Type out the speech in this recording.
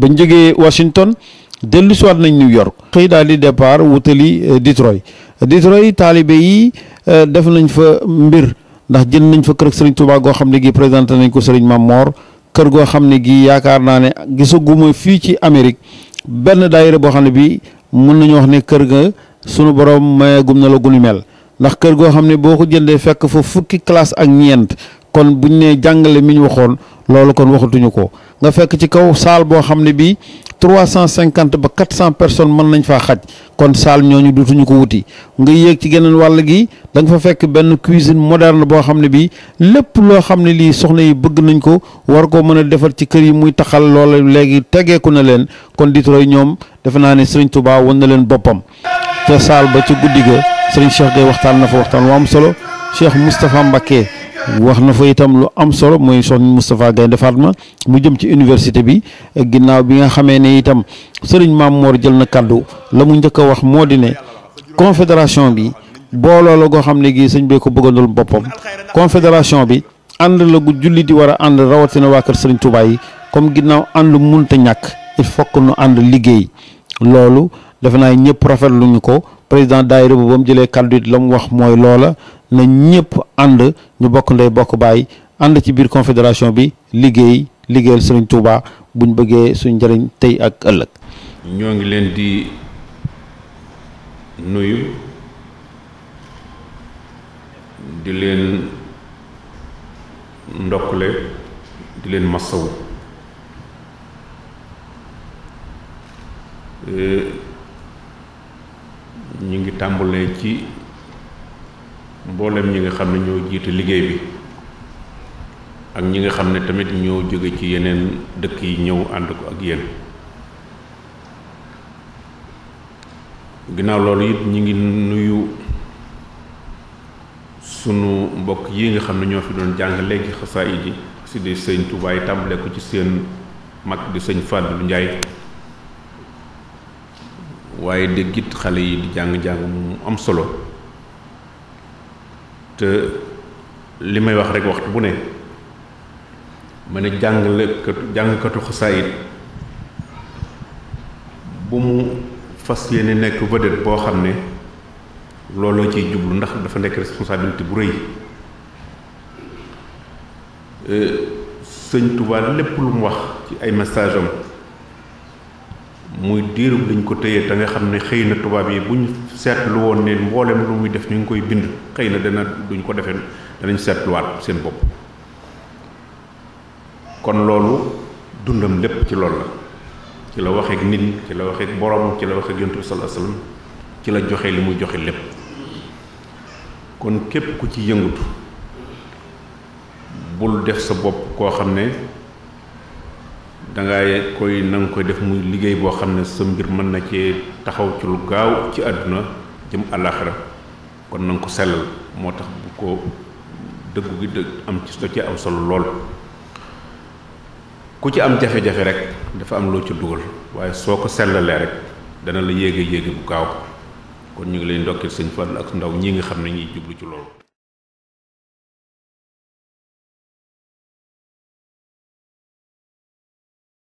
bañ jógee Washington dellu siwaat nañ New York xëy daal di départ wutali euh, Detroit Detroit taalibe yi euh, def nañ fa mbir ndax jël nañu fa kër Serigne Touba goo xam ne gi présenté nañ ko Serigne Mame moor kër goo xam ne gi yaakaar naa ne gisaguma fii ci Amérique benn daayira boo xam ne bi mun nañu wax ne kër ga sunu borom mayagum na la gunu mel ndax kër goo xam ne boo ko jëndee fekk fa fukki classe ak ñeent kon buñ ne jàngale mi ñu waxoon loolu kon waxatuñu ko nga fekk ci kaw saal boo xam ne bii trois cent cinquante ba quatre cent personnes mën nañ faa xaj kon saal ñooñu dutuñu ko wuti nga yéeg ci geneen wàll gi da nga fa fekk benn cuisine moderne boo xam ne bii lépp loo xam ne lii soxna yi bëgg nañ ko war koo mën a defar ci kër yi muy taxal loola léegi tegeeku na leen kon Detroit ñoom defe naa ne Serigne Touba wan na leen boppam te saal ba ci guddi ga Serigne Cheikh Gueye waxtaan na fa waxtaan waa am solo Cheikh Moustapha Mbacké wax na fa itam lu am solo mooy soxna Moustapha Gaynde Fatma mu jëm ci université bi ginnaaw bi nga xamee ne itam sëriñ Maam Moor jël na kàddu la mu njëkk a wax moo di ne confédération bi booloo goo xam ne gii sëñ bee ko bëggandul boppam confédération bi ànd la gu julli di war a ànd rawatina waa kër sëriñ Touba yi comme ginnaaw ànd munta ñàkk il faut nu ànd liggéey loolu defe naa ñëpp rafetlu ko président daayira bu ba mu jëlee kàddu it la mu wax mooy loola na ñëpp ànd ñu bokk ndey bokk baay ànd ci biir confédération bi liggéey liggéeyal sëriñ Touba buñ bëggee suñ njëriñ tey ak ëllëg. ñoo ngi leen di nuyu di leen ndokkule di leen massawu. Euh, ñu ngi tàmbalee ci mboolem ñi nga xam ne ñoo jiite liggéey bi ak ñi nga xam ne tamit ñoo jóge ci yeneen dëkk yi ñëw ànd ko ak yéen ginnaaw loolu it ñi ngi nuyu sunu mbokk yi nga xam ne ñoo fi doon jàng léegi xasaa yi ji si di sëñ Tuubaa yi ko ci seen mag di sëñ Fàllu Njaay waaye dégg it xale yi di jàng-jàng mu am solo te li may wax rek waxtu bu ne ma ne jàngalekatu jàngkatu xasaayit bu mu fas yéene nekk vedette boo xam ne looloo ciy jublu ndax dafa nekk responsabilité bu rëy euh, sëñ Tuubaa lépp lu mu wax ci ay message muy diirub liñ ko téye te nga xam ne xëy na tubaab yi buñ seetlu woon ne mboolem lu muy def ñu ngi koy bind xëy na dana duñ ko defee danañ seetluwaat seen bopp kon loolu dundam lépp ci lool la ci la waxeek nit ci la waxeek borom ci la waxeek yonent bi sallallahu alayhi ci la joxe li muy joxe lépp kon képp ku ci yëngutu bul def sa bopp koo xam ne dangay koy na nga koy def muy liggéey boo xam ne sa mbir mën na cee taxaw ci lu gaaw ci àdduna jëm àllaaxira kon na ko sellal moo tax bu ko dëggu gi dëgg am ci ci aw solo lool ku ci am jafe-jafe rek dafa am loo ci dugal waaye soo ko sellalee rek dana la yéege yéege bu gaaw kon ñu ngi lay ndokkeel sëñ Fall ak ndaw ñi nga xam ne ñuy jublu ci loolu